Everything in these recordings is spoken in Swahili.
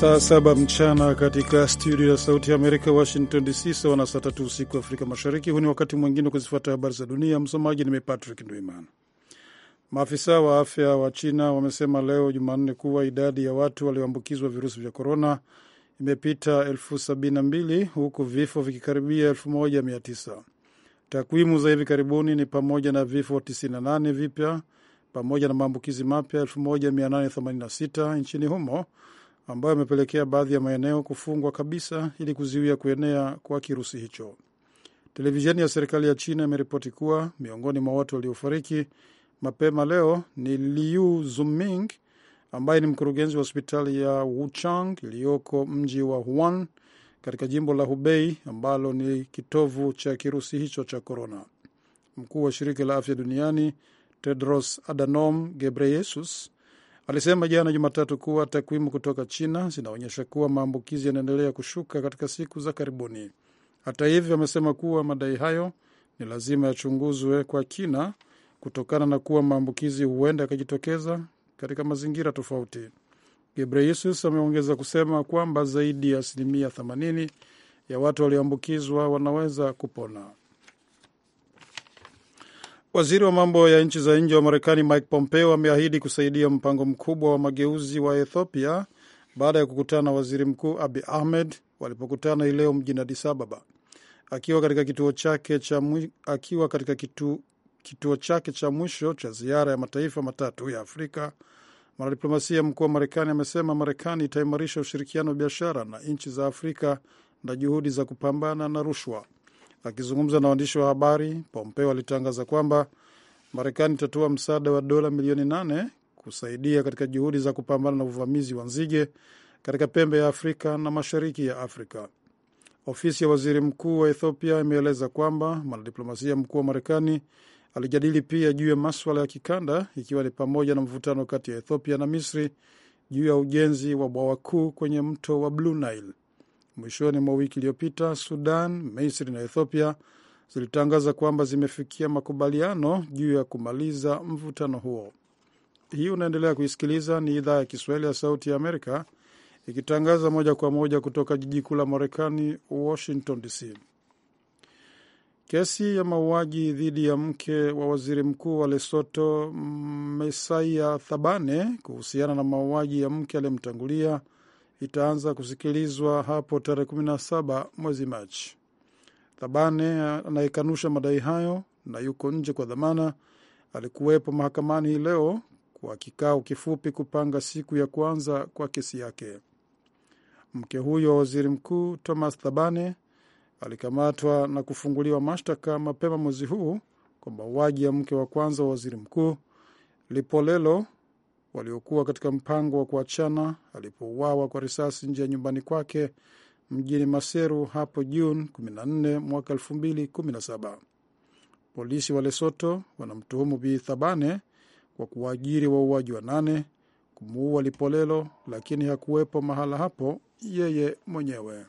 saa saba mchana katika studio ya Sauti ya Amerika, Washington DC, sawa na saa tatu usiku Afrika Mashariki. Huu ni wakati mwingine wa kuzifuata habari za dunia. Msomaji ni mimi Patrick Ndwimana. Maafisa wa afya wa China wamesema leo Jumanne kuwa idadi ya watu walioambukizwa virusi vya korona imepita 72 huku vifo vikikaribia 19 Takwimu za hivi karibuni ni pamoja na vifo 98 vipya pamoja na maambukizi mapya 1886 nchini humo ambayo yamepelekea baadhi ya maeneo kufungwa kabisa ili kuzuia kuenea kwa kirusi hicho. Televisheni ya serikali ya China imeripoti kuwa miongoni mwa watu waliofariki mapema leo ni Liu Zuming ambaye ni mkurugenzi wa hospitali ya Wuchang iliyoko mji wa Wuhan katika jimbo la Hubei ambalo ni kitovu cha kirusi hicho cha korona. Mkuu wa shirika la afya duniani Tedros Adhanom Ghebreyesus alisema jana Jumatatu kuwa takwimu kutoka China zinaonyesha kuwa maambukizi yanaendelea kushuka katika siku za karibuni. Hata hivyo, amesema kuwa madai hayo ni lazima yachunguzwe kwa kina kutokana na kuwa maambukizi huenda yakajitokeza katika mazingira tofauti. Gebreyesus ameongeza kusema kwamba zaidi ya asilimia 80 ya watu walioambukizwa wanaweza kupona. Waziri wa mambo ya nchi za nje wa Marekani Mike Pompeo ameahidi kusaidia mpango mkubwa wa mageuzi wa Ethiopia baada ya kukutana na waziri mkuu Abi Ahmed walipokutana hii leo mjini adisababa Ababa. Akiwa katika kituo chake cha akiwa katika kitu, kituo chake cha mwisho cha ziara ya mataifa matatu ya Afrika, mwanadiplomasia mkuu wa Marekani amesema Marekani itaimarisha ushirikiano wa biashara na nchi za Afrika na juhudi za kupambana na rushwa. Akizungumza na waandishi wa habari, Pompeo alitangaza kwamba Marekani itatoa msaada wa dola milioni nane kusaidia katika juhudi za kupambana na uvamizi wa nzige katika pembe ya Afrika na mashariki ya Afrika. Ofisi ya waziri mkuu wa Ethiopia imeeleza kwamba mwanadiplomasia mkuu wa Marekani alijadili pia juu ya maswala ya kikanda, ikiwa ni pamoja na mvutano kati ya Ethiopia na Misri juu ya ujenzi wa bwawa kuu kwenye mto wa Blue Nile. Mwishoni mwa wiki iliyopita, Sudan, Misri na Ethiopia zilitangaza kwamba zimefikia makubaliano juu ya kumaliza mvutano huo. Hii unaendelea kuisikiliza, ni idhaa ya Kiswahili ya Sauti ya Amerika ikitangaza moja kwa moja kutoka jiji kuu la Marekani, Washington DC. Kesi ya mauaji dhidi ya mke wa waziri mkuu wa Lesoto, Mesaia Thabane, kuhusiana na mauaji ya mke aliyemtangulia itaanza kusikilizwa hapo tarehe 17 mwezi Machi. Thabane anayekanusha madai hayo na yuko nje kwa dhamana alikuwepo mahakamani hii leo kwa kikao kifupi kupanga siku ya kwanza kwa kesi yake. Mke huyo wa waziri mkuu Thomas Thabane alikamatwa na kufunguliwa mashtaka mapema mwezi huu kwa mauaji ya mke wa kwanza wa waziri mkuu Lipolelo waliokuwa katika mpango wa kuachana alipouawa kwa risasi nje ya nyumbani kwake mjini Maseru hapo Juni 14 mwaka 2017. Polisi wa Lesoto wanamtuhumu Bi Thabane kwa kuwaajiri wauaji nane kumuua Lipolelo, lakini hakuwepo mahala hapo yeye mwenyewe.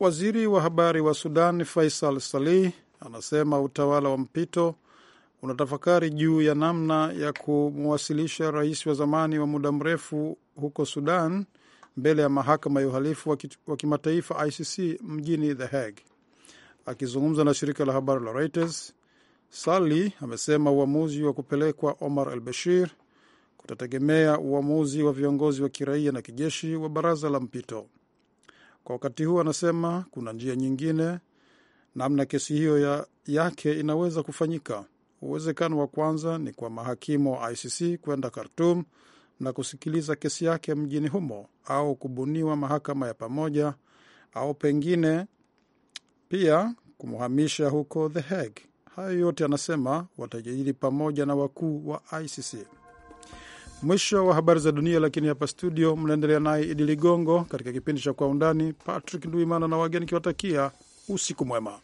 Waziri wa habari wa Sudan Faisal Salih anasema utawala wa mpito unatafakari juu ya namna ya kumwasilisha rais wa zamani wa muda mrefu huko Sudan mbele ya mahakama ya uhalifu wa kimataifa ICC mjini The Hague. Akizungumza na shirika la habari la Reuters, Sali amesema uamuzi wa kupelekwa Omar al Bashir kutategemea uamuzi wa viongozi wa kiraia na kijeshi wa baraza la mpito. Kwa wakati huu, anasema kuna njia nyingine namna kesi hiyo ya yake inaweza kufanyika. Uwezekano wa kwanza ni kwa mahakimu wa ICC kwenda Khartum na kusikiliza kesi yake mjini humo au kubuniwa mahakama ya pamoja au pengine pia kumhamisha huko The Hague. Hayo yote anasema watajadili pamoja na wakuu wa ICC. Mwisho wa habari za dunia, lakini hapa studio mnaendelea naye Idi Ligongo katika kipindi cha Kwa Undani. Patrick Nduimana na wageni kiwatakia usiku mwema.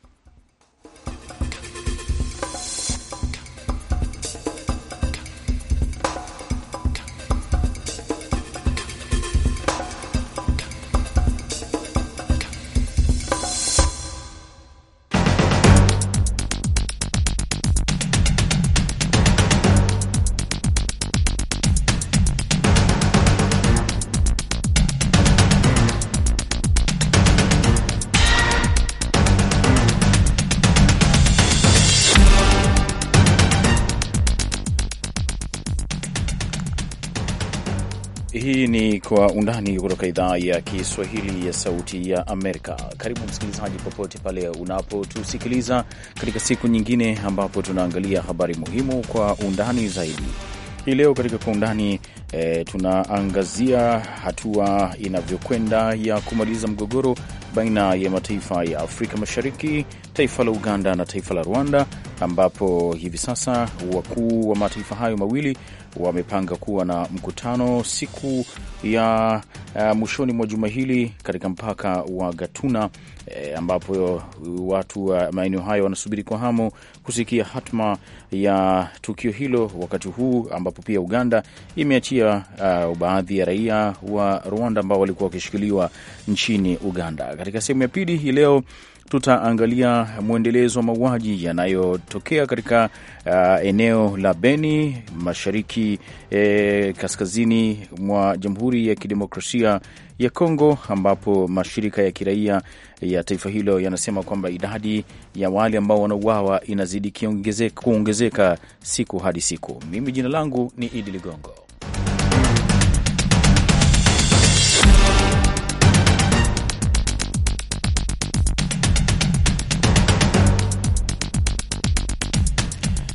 ni Kwa Undani kutoka idhaa ya Kiswahili ya Sauti ya Amerika. Karibu msikilizaji, popote pale unapotusikiliza katika siku nyingine ambapo tunaangalia habari muhimu kwa undani zaidi. Hii leo katika Kwa Undani E, tunaangazia hatua inavyokwenda ya kumaliza mgogoro baina ya mataifa ya Afrika Mashariki, taifa la Uganda na taifa la Rwanda, ambapo hivi sasa wakuu wa mataifa hayo mawili wamepanga kuwa na mkutano siku ya uh, mwishoni mwa juma hili katika mpaka wa Gatuna e, ambapo watu wa maeneo hayo wanasubiri kwa hamu kusikia hatma ya tukio hilo, wakati huu ambapo pia Uganda imeachia uh, baadhi ya raia wa Rwanda ambao walikuwa wakishikiliwa nchini Uganda. Katika sehemu ya pili hii leo tutaangalia mwendelezo wa mauaji yanayotokea katika uh, eneo la Beni mashariki eh, kaskazini mwa Jamhuri ya Kidemokrasia ya Kongo, ambapo mashirika ya kiraia ya taifa hilo yanasema kwamba idadi ya wale ambao wanauawa inazidi kuongezeka siku hadi siku. Mimi jina langu ni Idi Ligongo.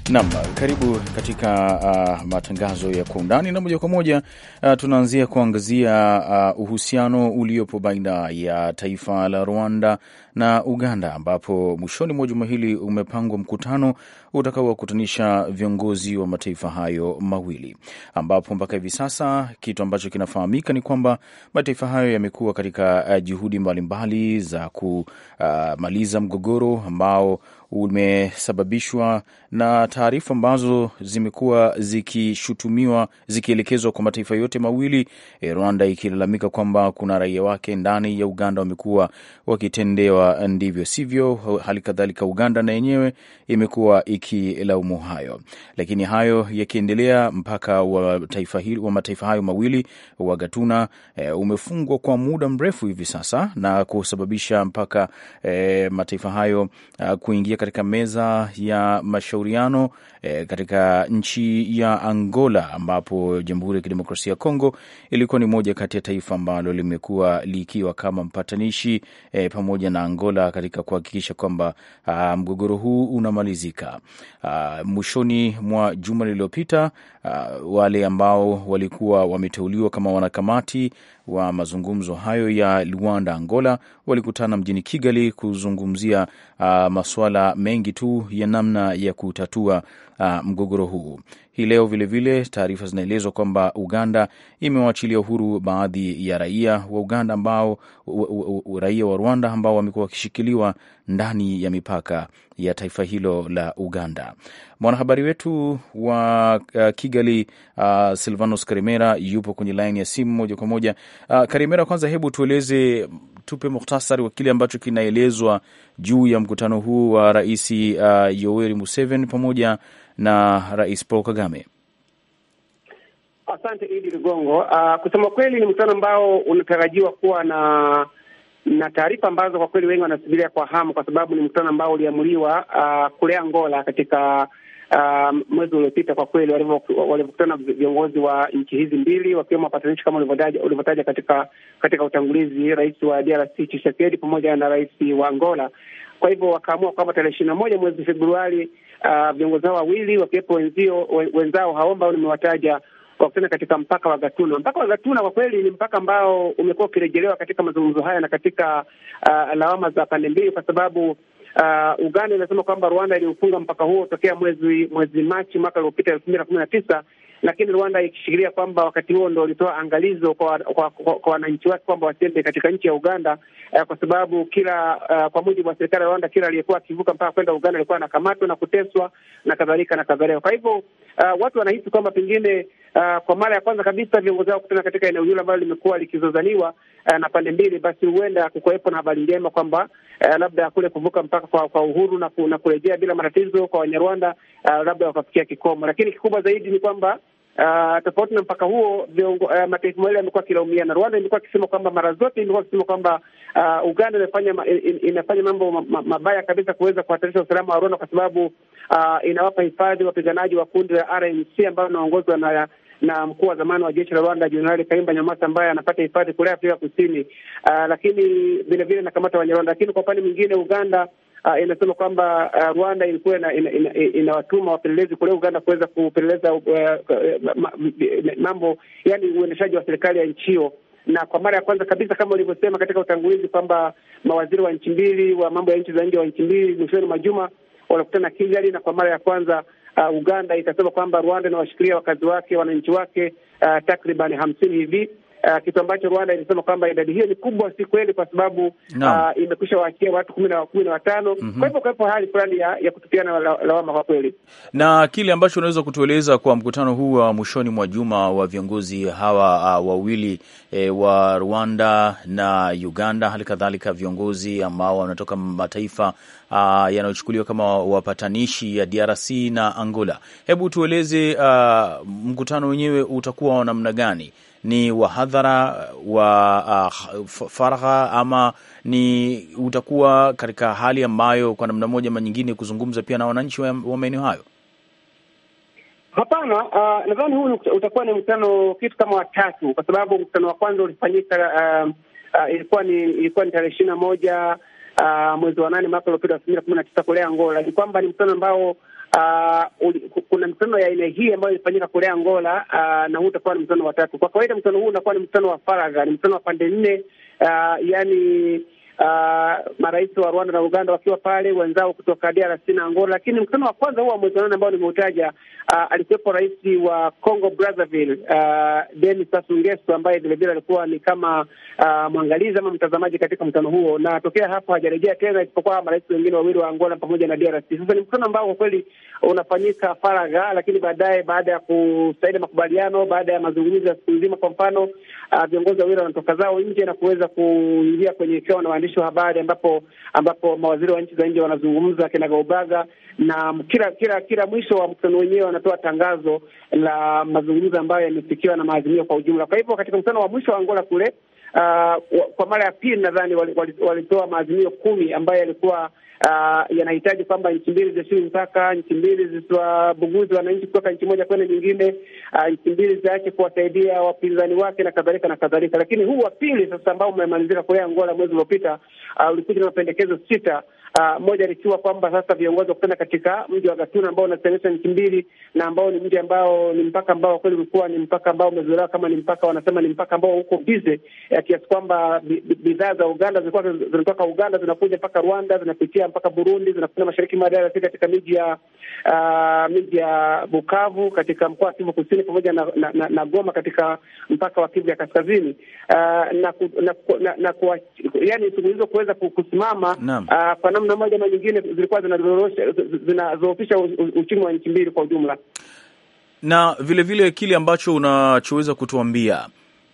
Nam, karibu katika uh, matangazo ya kwa undani na moja kwa moja. Uh, tunaanzia kuangazia uh, uhusiano uliopo baina ya taifa la Rwanda na Uganda, ambapo mwishoni mwa juma hili umepangwa mkutano utakaowakutanisha viongozi wa mataifa hayo mawili, ambapo mpaka hivi sasa kitu ambacho kinafahamika ni kwamba mataifa hayo yamekuwa katika uh, juhudi mbalimbali za kumaliza uh, mgogoro ambao umesababishwa na taarifa ambazo zimekuwa zikishutumiwa zikielekezwa kwa mataifa yote mawili, e, Rwanda ikilalamika kwamba kuna raia wake ndani ya Uganda wamekuwa wakitendewa ndivyo sivyo. Hali kadhalika Uganda na yenyewe imekuwa ikilaumu hayo, lakini hayo yakiendelea, mpaka wa, taifa hili, wa mataifa hayo mawili wa Gatuna e, umefungwa kwa muda mrefu hivi sasa na kusababisha mpaka e, mataifa hayo a, kuingia katika meza ya mashauri mashauriano e, katika nchi ya Angola, ambapo Jamhuri ya Kidemokrasia ya Kongo ilikuwa ni moja kati ya taifa ambalo limekuwa likiwa kama mpatanishi e, pamoja na Angola katika kuhakikisha kwamba ah, mgogoro huu unamalizika. Ah, mwishoni mwa juma lililopita ah, wale ambao walikuwa wameteuliwa kama wanakamati wa mazungumzo hayo ya Luanda, Angola, walikutana mjini Kigali kuzungumzia uh, ah, masuala mengi tu ya namna ya kutatua uh, mgogoro huu. Hii leo vilevile, taarifa zinaelezwa kwamba Uganda imewaachilia huru baadhi ya raia wa Uganda ambao raia wa Rwanda ambao wamekuwa wakishikiliwa ndani ya mipaka ya taifa hilo la Uganda. Mwanahabari wetu wa uh, Kigali uh, Silvanos Karimera yupo kwenye laini ya simu moja kwa moja. Uh, Karimera, kwanza hebu tueleze, tupe muhtasari wa kile ambacho kinaelezwa juu ya mkutano huu wa Rais uh, Yoweri Museveni pamoja na Rais Paul Kagame? Asante Idi Ligongo. Uh, kusema kweli ni mkutano ambao unatarajiwa kuwa na na taarifa ambazo kwa kweli wengi wanasubiria kwa hamu, kwa sababu ni mkutano ambao uliamuliwa uh, ah, kule Angola katika uh, mwezi uliopita. Kwa kweli walivyokutana viongozi wa nchi hizi mbili wakiwemo wapatanishi kama ulivyotaja katika katika utangulizi, rais wa DRC Tshisekedi pamoja na rais wa Angola kwa hivyo wakaamua kwamba tarehe ishirini na moja mwezi Februari, uh, viongozi hao wawili wakiwepo wenzio wenzao hao ambao nimewataja wakutana katika mpaka wa Gatuna. Mpaka wa Gatuna kwa kweli ni mpaka ambao umekuwa ukirejelewa katika mazungumzo haya na katika uh, lawama za pande mbili, kwa sababu uh, Uganda inasema kwamba Rwanda iliufunga mpaka huo tokea mwezi mwezi Machi mwaka uliopita elfu mbili na kumi na tisa lakini Rwanda ikishikilia kwamba wakati huo ndo walitoa angalizo kwa kwa, kwa, kwa wananchi wake kwamba wasiende katika nchi ya Uganda eh, kwa sababu kila eh, kwa mujibu wa serikali ya Rwanda kila aliyekuwa akivuka mpaka kwenda Uganda alikuwa anakamatwa na kuteswa na kadhalika na kadhalika. Kwa hivyo uh, watu wanahisi kwamba pengine uh, kwa mara ya kwanza kabisa viongozi hao kutana katika eneo hilo ambalo limekuwa likizozaniwa uh, na pande mbili, basi huenda kukuwepo na habari njema kwamba uh, labda kule kuvuka mpaka kwa, kwa uhuru na, ku, na kurejea bila matatizo kwa Wanyarwanda uh, labda wakafikia kikomo, lakini kikubwa zaidi ni kwamba Ah, tofauti na mpaka huo viongo, uh, mataifa mawili yamekuwa na Rwanda imekuwa kisema kwamba mara zote imekuwa akisema kwamba uh, Uganda imefanya in, inafanya mambo ma, ma, mabaya kabisa kuweza kuhatarisha usalama wa Rwanda kwa sababu uh, inawapa hifadhi wapiganaji wa kundi la RNC ambayo inaongozwa na na mkuu wa zamani wa jeshi la Rwanda Jenerali Kaimba Nyamwasa ambaye anapata hifadhi kule Afrika Kusini, uh, lakini vilevile nakamata Wanyarwanda. Lakini kwa upande mwingine Uganda uh, inasema kwamba uh, Rwanda ilikuwa inawatuma ina, ina, ina wapelelezi kule Uganda kuweza kupeleleza uh, mambo yani uendeshaji wa serikali ya nchi hiyo na kwa mara ya kwanza kabisa kama ulivyosema katika utangulizi kwamba mawaziri wa nchi mbili wa mambo ya nchi za nje wa nchi mbili mwishoni mwa juma wanakutana Kigali, na kwa mara ya kwanza uh, Uganda ikasema kwamba Rwanda inawashikilia wakazi wake wananchi wake uh, takriban hamsini hivi uh, kitu ambacho Rwanda ilisema kwamba idadi hiyo ni kubwa, si kweli, kwa sababu no. uh, ah, imekwisha waachia watu kumi na kumi na watano mm -hmm. Kwa hivyo kuwepo hali fulani ya, ya kutupiana lawama kwa kweli. Na kile ambacho unaweza kutueleza kwa mkutano huu wa mwishoni mwa juma wa viongozi hawa uh, wawili e, wa Rwanda na Uganda, hali kadhalika viongozi ambao wanatoka mataifa uh, yanayochukuliwa kama wapatanishi ya DRC na Angola, hebu tueleze uh, mkutano wenyewe utakuwa wa namna gani? ni wahadhara wa uh, faragha ama ni utakuwa katika hali ambayo kwa namna moja ama nyingine kuzungumza pia na wananchi wa, maeneo hayo? Hapana, uh, nadhani huu utakuwa ni mkutano kitu kama watatu, kwa sababu mkutano wa kwanza ulifanyika uh, uh, ilikuwa ni ilikuwa ni tarehe ishirini na moja uh, mwezi wa nane mwaka uliopita elfu mbili na kumi na tisa kule Angola. Ni kwamba ni mkutano ambao Uh, kuna mkutano ya aina hii ambayo ilifanyika kule Angola uh, na huu utakuwa ni mkutano wa tatu. Kwa kawaida mkutano huu unakuwa ni mkutano wa faragha, ni mkutano wa pande nne uh, yani uh, marais wa Rwanda na Uganda wakiwa pale, wenzao kutoka DRC na Angola. Lakini mkutano wa kwanza huo wa mwezi wa nane ambao nimeutaja, uh, alikuwepo rais wa Congo Brazzaville uh, Denis Sassou Nguesso ambaye vilevile alikuwa ni kama uh, mwangalizi ama mtazamaji katika mkutano huo, na tokea hapo hajarejea tena, isipokuwa marais wengine wawili wa Angola pamoja na DRC. Sasa ni mkutano ambao kwa kweli unafanyika faragha, lakini baadaye, baada ya kusaini makubaliano, baada ya mazungumzo ya siku nzima, kwa mfano viongozi uh, wawili wanatoka zao nje na kuweza kuingia kwenye kikao na waandishi waandishi wa habari, ambapo ambapo mawaziri wa nchi za nje wanazungumza kinagaubaga, na kila kila kila mwisho wa mkutano wenyewe wanatoa tangazo la mazungumzo ambayo yamefikiwa na maazimio kwa ujumla. Kwa hivyo katika mkutano wa mwisho wa Angola kule uh, kwa mara ya pili nadhani walitoa maazimio kumi ambayo yalikuwa uh, yanahitaji kwamba nchi mbili zisiwe mpaka, nchi mbili zisiwabuguzi wananchi kutoka nchi moja kwenda nyingine, uh, nchi mbili ziache kuwasaidia wapinzani wake na kadhalika na kadhalika. Lakini huu wa pili sasa ambao umemalizika kule Angola mwezi uliopita, uh, ulikuja na mapendekezo sita Uh, moja likiwa kwamba sasa viongozi wakutana katika mji wa Gatuna ambao unatenganisha nchi mbili na ambao ni mji ambao ni mpaka ambao kweli ulikuwa ni mpaka ambao umezoelewa kama ni mpaka, wanasema ni mpaka ambao huko bize ya kiasi kwamba bidhaa za Uganda zilikuwa zinatoka Uganda zinakuja mpaka Rwanda, zinapitia mpaka Burundi, zinakuja mashariki mwa DRC katika miji ya uh, miji ya Bukavu katika mkoa wa Kivu Kusini pamoja na, na, na, na Goma katika mpaka wa Kivu ya Kaskazini uh, na, na, na, na, na, kwa, yani shughuli hizo kuweza kusimama uh, kwa namna moja ama nyingine zilikuwa zinadhoofisha uchumi wa nchi mbili kwa ujumla. Na vile vile kile ambacho unachoweza kutuambia,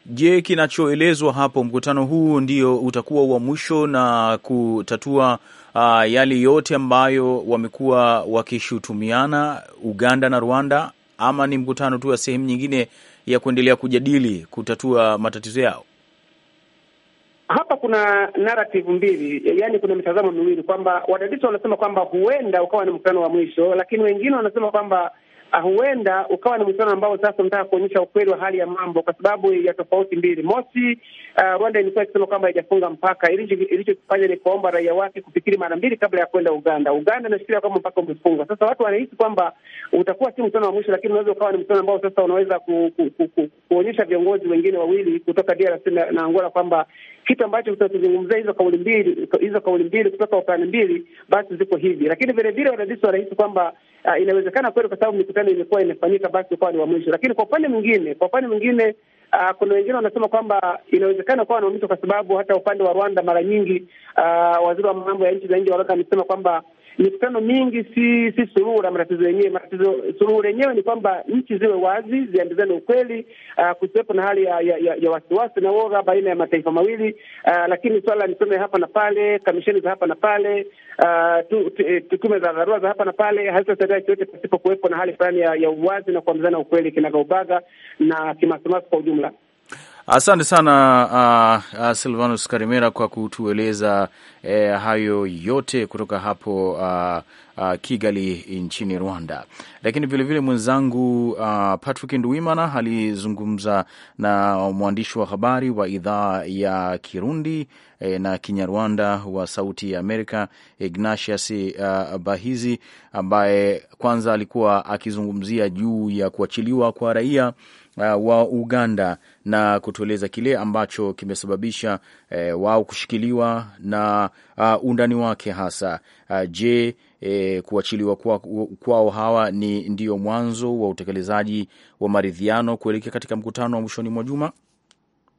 je, kinachoelezwa hapo, mkutano huu ndio utakuwa wa mwisho na kutatua uh, yale yote ambayo wamekuwa wakishutumiana Uganda na Rwanda, ama ni mkutano tu wa sehemu nyingine ya kuendelea kujadili kutatua matatizo yao? Hapa kuna narrative mbili, yaani kuna mitazamo miwili, kwamba wadadisi wanasema kwamba huenda ukawa ni mkutano wa mwisho, lakini wengine wanasema kwamba ah, huenda ukawa ni mkutano ambao sasa unataka kuonyesha ukweli wa hali ya mambo, kwa sababu ya tofauti mbili. Mosi, uh, Rwanda ilikuwa ikisema kwamba haijafunga mpaka. Ilichokifanya ni kuomba raia wake kufikiri mara mbili kabla ya kwenda Uganda. Uganda inashikilia kwamba mpaka umefungwa. Sasa watu wanahisi kwamba utakuwa si mkutano wa mwisho, lakini unaweza ukawa ni mkutano ambao sasa unaweza ku, ku, ku, ku, kuonyesha viongozi wengine wawili kutoka DRC na Angola kwamba kitu ambacho tutakizungumzia hizo kauli mbili hizo kauli mbili kutoka upande mbili, basi ziko hivi. Lakini vile vile wadadisi wanahisi kwamba uh, inawezekana kweli, kwa sababu mikutano imekuwa imefanyika basi ukawa ni wa mwisho. Lakini kwa upande mwingine, kwa upande mwingine Uh, kuna wengine wanasema kwamba inawezekana kuwa na mpito kwa sababu hata upande wa Rwanda mara nyingi, uh, waziri wa mambo ya nchi za nje wa Rwanda amesema kwamba mikutano mingi si si suluhu la matatizo yenyewe. Matatizo suluhu lenyewe ni kwamba nchi ziwe wazi, ziambizane ukweli, uh, kusiwepo na hali ya, ya, ya, ya wasiwasi na woga baina ya mataifa mawili uh, lakini swala la mikutano hapa na pale, kamisheni za hapa na pale, uh, ah, tume eh, za dharura za hapa na pale hazitasaidia chochote pasipo kuwepo na hali fulani ya, ya uwazi na kuambizana ukweli kinagaubaga na kimasomaso kwa ujumla. Asante sana uh, uh, Silvanus Karimera kwa kutueleza eh, hayo yote kutoka hapo uh, uh, Kigali nchini Rwanda. Lakini vilevile mwenzangu uh, Patrick nduimana alizungumza na mwandishi wa habari wa idhaa ya Kirundi eh, na Kinyarwanda wa Sauti ya Amerika Ignatius uh, Bahizi ambaye kwanza alikuwa akizungumzia juu ya kuachiliwa kwa raia uh, wa Uganda na kutueleza kile ambacho kimesababisha uh, wao kushikiliwa na uh, undani wake hasa uh, je E, kuachiliwa kwao kwa hawa ni ndio mwanzo wa utekelezaji wa maridhiano kuelekea katika mkutano wa mwishoni mwa juma.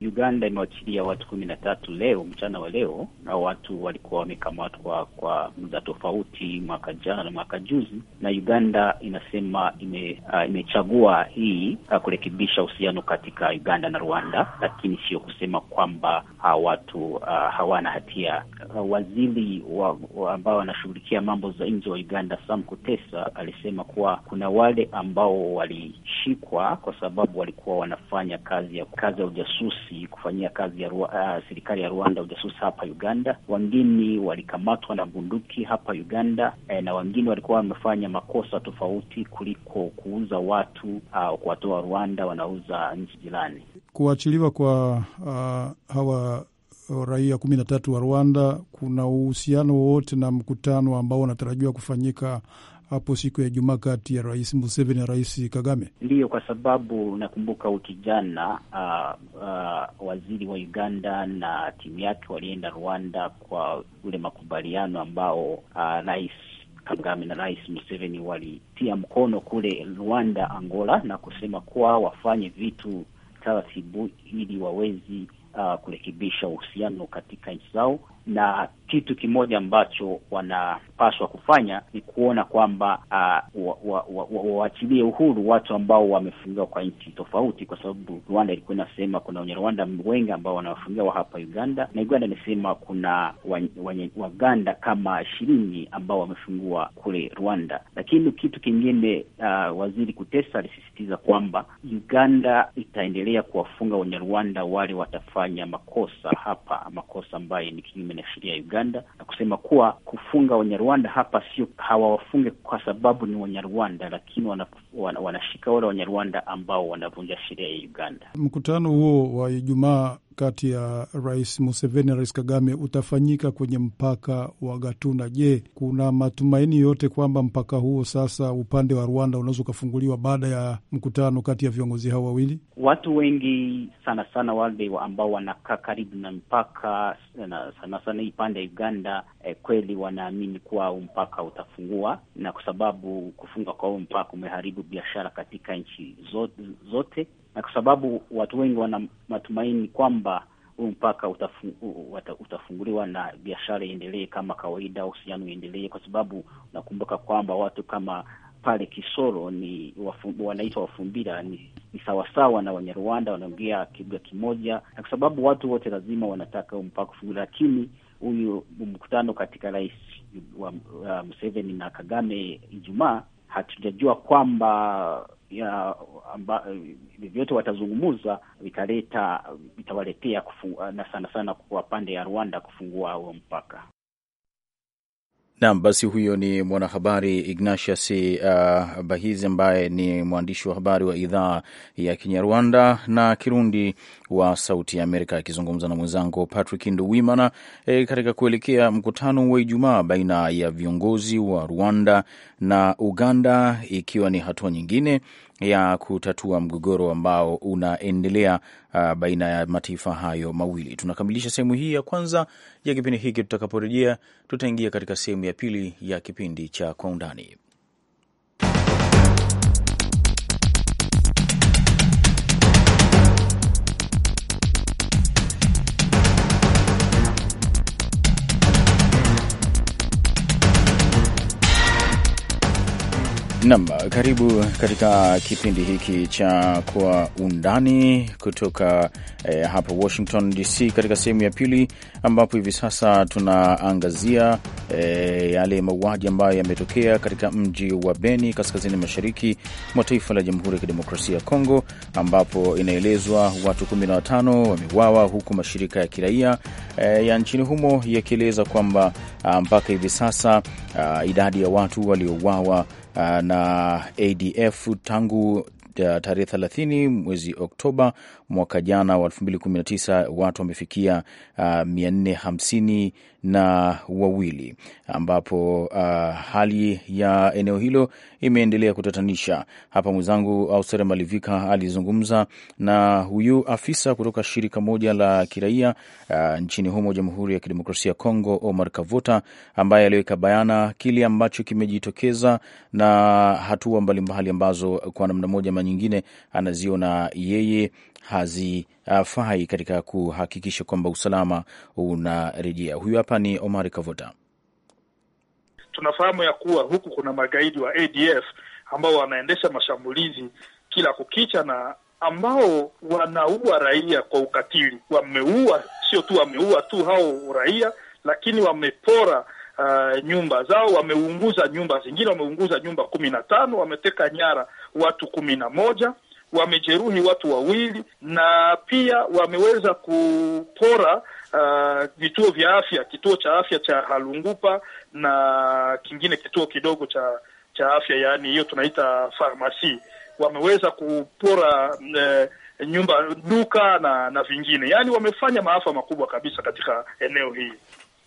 Uganda imewachilia watu kumi na tatu leo mchana wa leo, na watu walikuwa wamekamatwa kwa, muda tofauti mwaka jana na mwaka juzi, na Uganda inasema ime, uh, imechagua hii uh, kurekebisha uhusiano katika Uganda na Rwanda, lakini sio kusema kwamba uh, watu uh, hawana hatia. Uh, waziri wa, wa ambao wanashughulikia mambo za nje wa Uganda Sam Kutesa alisema kuwa kuna wale ambao walishikwa kwa sababu walikuwa wanafanya kazi ya kazi ya ujasusi ujasusi kufanyia kazi ya Rua, uh, serikali ya Rwanda ujasusi hapa Uganda. Wengine walikamatwa na bunduki hapa Uganda eh, na wengine walikuwa wamefanya makosa tofauti kuliko kuuza watu uh, kuwatoa Rwanda wanauza nchi jirani. Kuachiliwa kwa uh, hawa raia kumi na tatu wa Rwanda kuna uhusiano wowote na mkutano ambao unatarajiwa kufanyika hapo siku ya Ijumaa kati ya Rais Museveni na Rais Kagame? Ndiyo, kwa sababu nakumbuka wiki jana uh, uh, waziri wa Uganda na timu yake walienda Rwanda kwa ule makubaliano ambao uh, rais Kagame na Rais Museveni walitia mkono kule Rwanda, Angola, na kusema kuwa wafanye vitu taratibu ili wawezi uh, kurekebisha uhusiano katika nchi zao na kitu kimoja ambacho wanapaswa kufanya ni kuona kwamba waachilie wa, wa, wa, uhuru watu ambao wamefungiwa kwa nchi tofauti, kwa sababu Rwanda ilikuwa inasema kuna Wanyarwanda wengi ambao wanawafungiwa hapa Uganda, na Uganda inasema kuna Waganda kama ishirini ambao wamefungiwa kule Rwanda. Lakini kitu kingine uh, Waziri Kutesa alisisitiza kwamba Uganda itaendelea kuwafunga Wanyarwanda wale watafanya makosa hapa, makosa ambayo ni kinyume sheria ya Uganda na kusema kuwa kufunga Wanyarwanda hapa sio, hawawafunge kwa sababu ni Wanyarwanda, lakini wanashika wana, wana wale Wanyarwanda ambao wanavunja sheria ya Uganda. Mkutano huo wa Ijumaa kati ya Rais Museveni na Rais Kagame utafanyika kwenye mpaka wa Gatuna. Je, kuna matumaini yote kwamba mpaka huo sasa upande wa Rwanda unaweza ukafunguliwa baada ya mkutano kati ya viongozi hao wawili? Watu wengi sana sana wale ambao wanakaa karibu na mpaka sana sana, sana upande ya Uganda eh, kweli wanaamini kuwa huu mpaka utafungua, na kwa sababu kufunga kwa huu mpaka umeharibu biashara katika nchi zote, zote na kwa sababu watu wengi wana matumaini kwamba huu mpaka utafunguliwa na biashara iendelee kama kawaida, uhusiano uendelee, kwa sababu unakumbuka kwamba watu kama pale Kisoro ni wanaitwa Wafumbira, ni, ni sawasawa na Wanyarwanda, wanaongea kilugha kimoja, na kwa sababu watu wote lazima wanataka huu mpaka kufunguliwa. Lakini huyu mkutano katika rais wa, wa Museveni na Kagame Ijumaa hatujajua kwamba ya vyovyote eh, watazungumza vitaleta vitawaletea na sana sana kwa pande ya Rwanda kufungua huo mpaka. Naam, basi huyo ni mwanahabari Ignatius uh, Bahizi ambaye ni mwandishi wa habari wa idhaa ya Kinyarwanda na Kirundi wa Sauti ya Amerika akizungumza na mwenzangu Patrick Nduwimana e, katika kuelekea mkutano wa Ijumaa baina ya viongozi wa Rwanda na Uganda, ikiwa ni hatua nyingine ya kutatua mgogoro ambao unaendelea uh, baina ya mataifa hayo mawili. Tunakamilisha sehemu hii ya kwanza ya kipindi hiki. Tutakaporejea, tutaingia katika sehemu ya pili ya kipindi cha Kwa Undani. Nam, karibu katika kipindi hiki cha Kwa Undani kutoka eh, hapa Washington DC, katika sehemu ya pili ambapo hivi sasa tunaangazia eh, yale mauaji ambayo yametokea katika mji wa Beni, kaskazini mashariki mwa taifa la Jamhuri ya Kidemokrasia ya Kongo, ambapo inaelezwa watu 15 wameuawa, huku mashirika ya kiraia eh, ya nchini humo yakieleza kwamba ah, mpaka hivi sasa ah, idadi ya watu waliouawa Ah, na ADF tangu ah, tarehe 30 mwezi Oktoba mwaka jana wa 2019 watu wamefikia uh, 450 na wawili ambapo uh, hali ya eneo hilo imeendelea kutatanisha. Hapa mwenzangu Austere Malivika alizungumza na huyu afisa kutoka shirika moja la kiraia uh, nchini humo Jamhuri ya Kidemokrasia ya Kongo, Omar Kavota, ambaye aliweka bayana kile ambacho kimejitokeza na hatua mbalimbali ambazo kwa namna moja ama nyingine anaziona yeye hazifai katika kuhakikisha kwamba usalama unarejea. Huyu hapa ni Omar Kavota. Tunafahamu ya kuwa huku kuna magaidi wa ADF ambao wanaendesha mashambulizi kila kukicha na ambao wanaua raia kwa ukatili. Wameua, sio tu wameua tu hao raia, lakini wamepora uh, nyumba zao, wameunguza nyumba zingine, wameunguza nyumba kumi na tano, wameteka nyara watu kumi na moja wamejeruhi watu wawili na pia wameweza kupora uh, vituo vya afya, kituo cha afya cha Halungupa na kingine kituo kidogo cha cha afya, yaani hiyo tunaita farmasi. Wameweza kupora uh, nyumba, duka na na vingine, yaani wamefanya maafa makubwa kabisa katika eneo hili.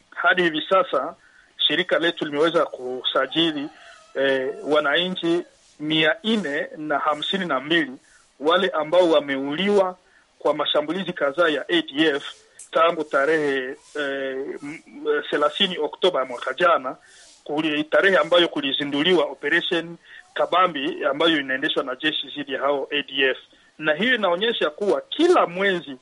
Hadi hivi sasa shirika letu limeweza kusajili eh, wananchi mia nne na hamsini na mbili wale ambao wameuliwa kwa mashambulizi kadhaa ya ADF tangu tarehe eh, eh, thelathini eh, Oktoba mwaka jana, tarehe ambayo kulizinduliwa operation Kabambi ambayo inaendeshwa na jeshi dhidi ya hao ADF, na hiyo inaonyesha kuwa kila mwezi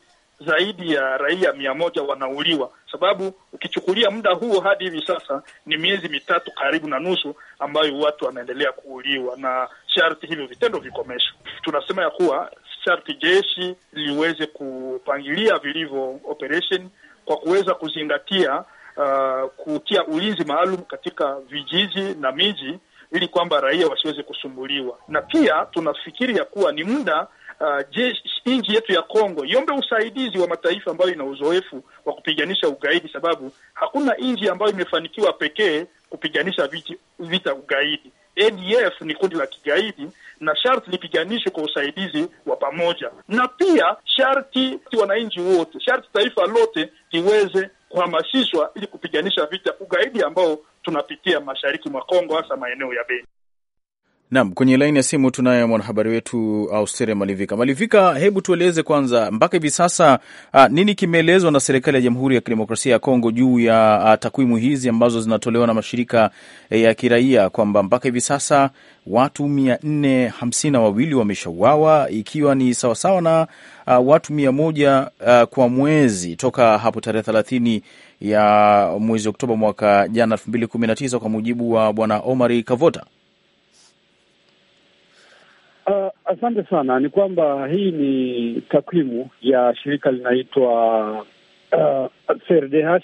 zaidi ya raia mia moja wanauliwa, sababu ukichukulia muda huo hadi hivi sasa ni miezi mitatu karibu na nusu ambayo watu wanaendelea kuuliwa, na sharti hivyo vitendo vikomeshwe. Tunasema ya kuwa sharti jeshi liweze kupangilia vilivyo operation kwa kuweza kuzingatia uh, kutia ulinzi maalum katika vijiji na miji ili kwamba raia wasiweze kusumbuliwa, na pia tunafikiri ya kuwa ni muda uh, nchi yetu ya Kongo iombe usaidizi wa mataifa ambayo ina uzoefu wa kupiganisha ugaidi, sababu hakuna nchi ambayo imefanikiwa pekee kupiganisha viti, vita ugaidi. ADF ni kundi la kigaidi na sharti lipiganishwe kwa usaidizi wa pamoja, na pia sharti wananchi wote, sharti taifa lote liweze kuhamasishwa ili kupiganisha vita ugaidi ambao tunapitia mashariki mwa Kongo, hasa maeneo ya Beni. Naam, kwenye laini ya simu tunaye mwanahabari wetu uh, Austeria Malivika. Malivika, hebu tueleze kwanza, mpaka hivi sasa a, uh, nini kimeelezwa na serikali ya Jamhuri ya Kidemokrasia ya Kongo juu ya uh, takwimu hizi ambazo zinatolewa na mashirika e, ya kiraia kwamba mpaka hivi sasa watu mia nne hamsini na wawili wameshauawa ikiwa ni sawasawa na a, watu mia moja a, kwa mwezi toka hapo tarehe thelathini ya mwezi Oktoba mwaka jana elfu mbili kumi na tisa kwa mujibu wa Bwana Omari Kavota. Asante sana. Ni kwamba hii ni takwimu ya shirika linaitwa uh,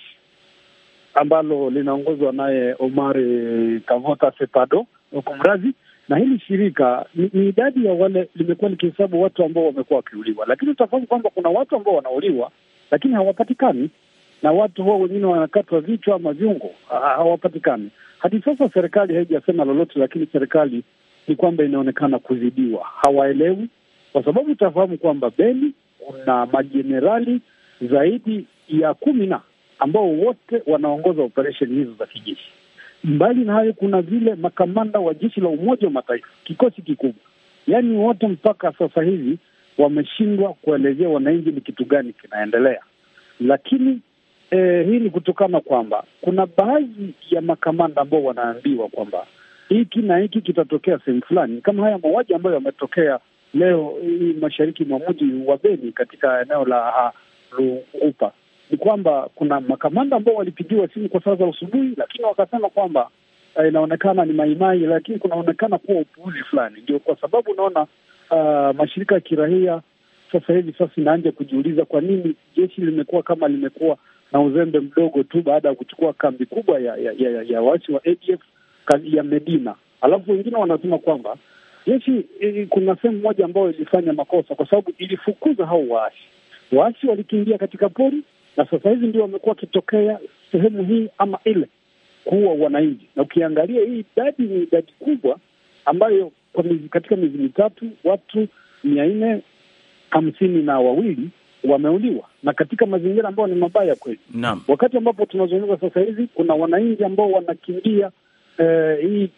ambalo linaongozwa naye Omari Kavota Sepado mrazi na hili shirika ni, ni idadi ya wale limekuwa likihesabu watu ambao wamekuwa wakiuliwa, lakini utafahamu kwamba kuna watu ambao wanauliwa lakini hawapatikani, na watu hao wengine wanakatwa vichwa ama viungo, hawapatikani. Hadi sasa serikali haijasema lolote, lakini serikali ni kwamba inaonekana kuzidiwa, hawaelewi kwa sababu utafahamu kwamba Beni kuna majenerali zaidi ya kumi na ambao wote wanaongoza operesheni hizo za kijeshi. Mbali na hayo, kuna vile makamanda wa jeshi la Umoja wa Mataifa, kikosi kikubwa, yaani wote mpaka sasa hivi wameshindwa kuelezea wananchi ni kitu gani kinaendelea. Lakini eh, hii ni kutokana kwamba kuna baadhi ya makamanda ambao wanaambiwa kwamba hiki na hiki kitatokea sehemu fulani, kama haya mauaji ambayo yametokea leo hii mashariki mwa mji wa Beni katika eneo la Luupa. Ah, ni kwamba kuna makamanda ambao walipigiwa simu kwa saa za asubuhi, lakini wakasema kwamba eh, inaonekana ni maimai, lakini kunaonekana kuwa upuuzi fulani. Ndio kwa sababu unaona uh, mashirika ya kiraia sasa hivi sasa inaanja kujiuliza kwa nini jeshi limekuwa kama limekuwa na uzembe mdogo tu baada ya kuchukua kambi kubwa ya, ya, ya, ya waasi wa ADF ya Medina. Alafu wengine wanasema kwamba jeshi, eh, eh, kuna sehemu moja ambayo ilifanya makosa kwa sababu ilifukuza hao waasi. Waasi walikimbia katika pori, na sasa hivi ndio wamekuwa wakitokea sehemu hii ama ile kuua wananchi, na ukiangalia hii idadi ni idadi kubwa ambayo kwa mizi, katika miezi mitatu watu mia nne hamsini na wawili wameuliwa na katika mazingira ambayo ni mabaya kweli. Naam, wakati ambapo tunazungumza sasa hivi kuna wananchi ambao wanakimbia eh, hii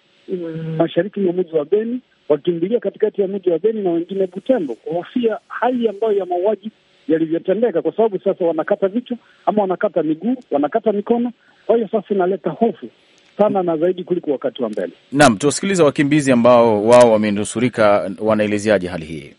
mashariki mwa mji wa Beni, wakimbilia katikati ya mji wa Beni na wengine Butembo, kuhofia hali ambayo ya mauaji yalivyotendeka, kwa sababu sasa wanakata vichwa ama wanakata miguu, wanakata mikono. Kwa hiyo sasa inaleta hofu sana na zaidi kuliko wakati wa mbele. Naam, tuwasikiliza wakimbizi ambao wao wamenusurika, wanaelezeaje hali hii?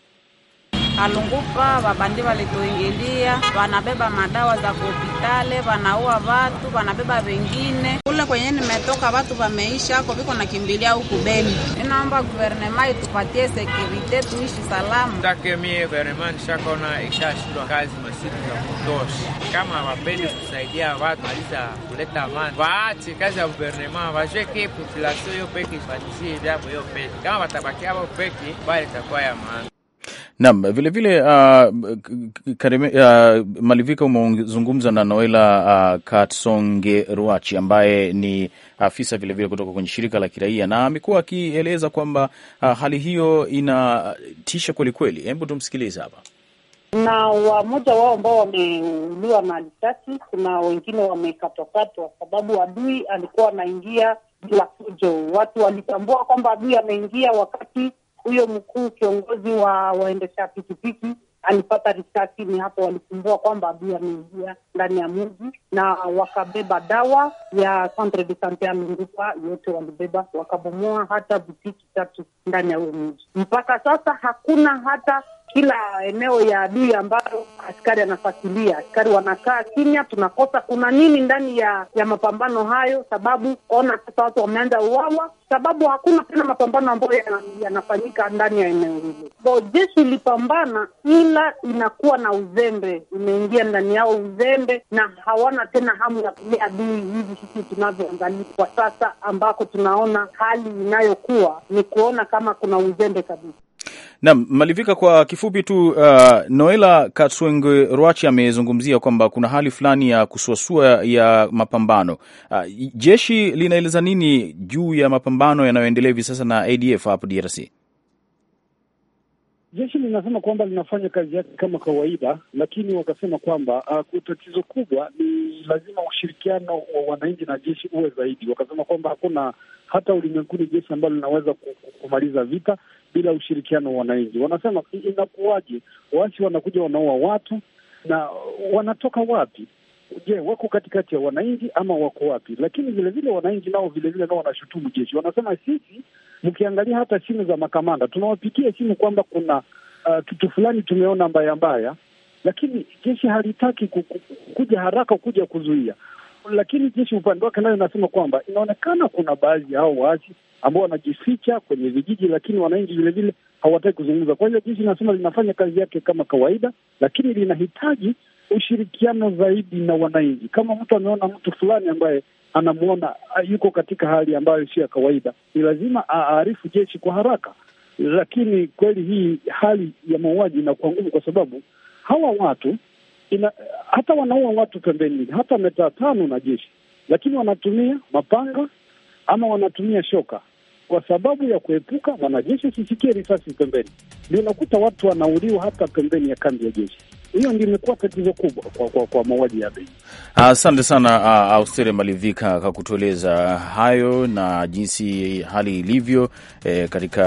Kalungupa babandi valitoingilia vanabeba madawa za kuhopitale, vanaua watu, vanabeba vengine Kule kwenye nimetoka watu wameisha ako viko nakimbilia huku Beni. inaomba guvernema itupatie sekirite tuishi salama. Take mie guvernema nishakona ishashindwa kazi masiku za kutosha, kama wapendi kusaidia watu maliza kuleta amani, waache kazi ya guvernema wajeke populasio yo peki ifanisie vyavo yo peki Kama watabakia hapo peki bali itakuwa ya maana. Naam, vilevile uh, uh, Malivika umezungumza na Noela uh, Katsonge Ruachi ambaye ni afisa vilevile kutoka kwenye shirika la kiraia na amekuwa akieleza kwamba uh, hali hiyo inatisha kwelikweli. Hebu tumsikilize hapa. Na wamoja wao ambao wameuliwa na risasi, kuna wengine wamekatwakatwa, sababu adui alikuwa anaingia bila fujo. Watu walitambua kwamba adui ameingia wakati huyo mkuu kiongozi wa waendesha pikipiki alipata risasi, ni hapo walikumbua kwamba adui ameingia ndani ya mji, na wakabeba dawa ya Centre de Sante Mingupa yote walibeba, wakabomoa hata butiki tatu ndani ya huyo mji. Mpaka sasa hakuna hata kila eneo ya adui ambayo askari anafuatilia. Askari wanakaa kimya, tunakosa kuna nini ndani ya ya mapambano hayo, sababu kaona sasa watu wameanza uwawa, sababu hakuna tena mapambano ambayo yanafanyika ya ndani ya eneo hilo. So jeshi ilipambana, ila inakuwa na uzembe, imeingia ndani yao uzembe, na hawana tena hamu ya kulia adui hivi sisi tunavyoangalia kwa sasa, ambako tunaona hali inayokuwa ni kuona kama kuna uzembe kabisa nam malivika kwa kifupi tu uh, Noela Katswenge Rwachi amezungumzia kwamba kuna hali fulani ya kusuasua ya mapambano uh, jeshi linaeleza nini juu ya mapambano yanayoendelea hivi sasa na ADF hapo DRC? Jeshi linasema kwamba linafanya kazi yake kama kawaida, lakini wakasema kwamba uh, tatizo kubwa ni lazima ushirikiano wa wananchi na jeshi uwe zaidi. Wakasema kwamba hakuna hata ulimwenguni jeshi ambalo linaweza kumaliza vita, bila ushirikiano wa wananchi. Wanasema inakuwaje, waasi wanakuja wanaua watu na wanatoka wapi? Je, wako katikati ya wananchi ama wako wapi? Lakini vilevile wananchi nao vilevile nao wanashutumu jeshi, wanasema sisi, mkiangalia hata simu za makamanda tunawapikia simu kwamba kuna uh, kitu fulani tumeona mbaya mbaya, lakini jeshi halitaki kuku, kuja haraka kuja kuzuia lakini jeshi upande wake nayo inasema kwamba inaonekana kuna baadhi ya hao waasi ambao wanajificha kwenye vijiji, lakini wananchi vilevile hawataki kuzungumza. Kwa hiyo jeshi inasema linafanya kazi yake kama kawaida, lakini linahitaji ushirikiano zaidi na wananchi. Kama mtu ameona mtu fulani ambaye anamwona ah, yuko katika hali ambayo sio ya kawaida, ni lazima aarifu jeshi kwa haraka. Lakini kweli hii hali ya mauaji inakuwa ngumu, kwa sababu hawa watu ina, hata wanaua watu pembeni, hata meta tano na jeshi, lakini wanatumia mapanga ama wanatumia shoka kwa sababu ya kuepuka wanajeshi sisikie risasi pembeni, ndio unakuta watu wanauliwa hata pembeni ya kambi ya jeshi. Hiyo ndio imekuwa tatizo kubwa kwa, kwa, kwa mauaji ya Beni. Asante uh, sana uh, Austere Malivika kwa kutueleza hayo na jinsi hali ilivyo eh, katika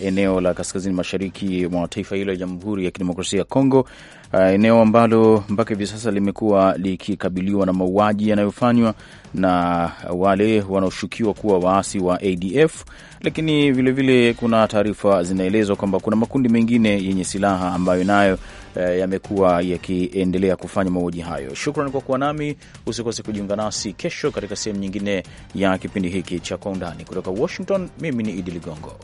uh, eneo la kaskazini mashariki mwa taifa hilo ya Jamhuri ya Kidemokrasia ya Kongo Uh, eneo ambalo mpaka hivi sasa limekuwa likikabiliwa na mauaji yanayofanywa na wale wanaoshukiwa kuwa waasi wa ADF, lakini vilevile vile kuna taarifa zinaelezwa kwamba kuna makundi mengine yenye silaha ambayo nayo uh, yamekuwa yakiendelea kufanya mauaji hayo. Shukran kwa kuwa nami, usikose kujiunga nasi kesho katika sehemu nyingine ya kipindi hiki cha Kwa Undani kutoka Washington. Mimi ni Idi Ligongo.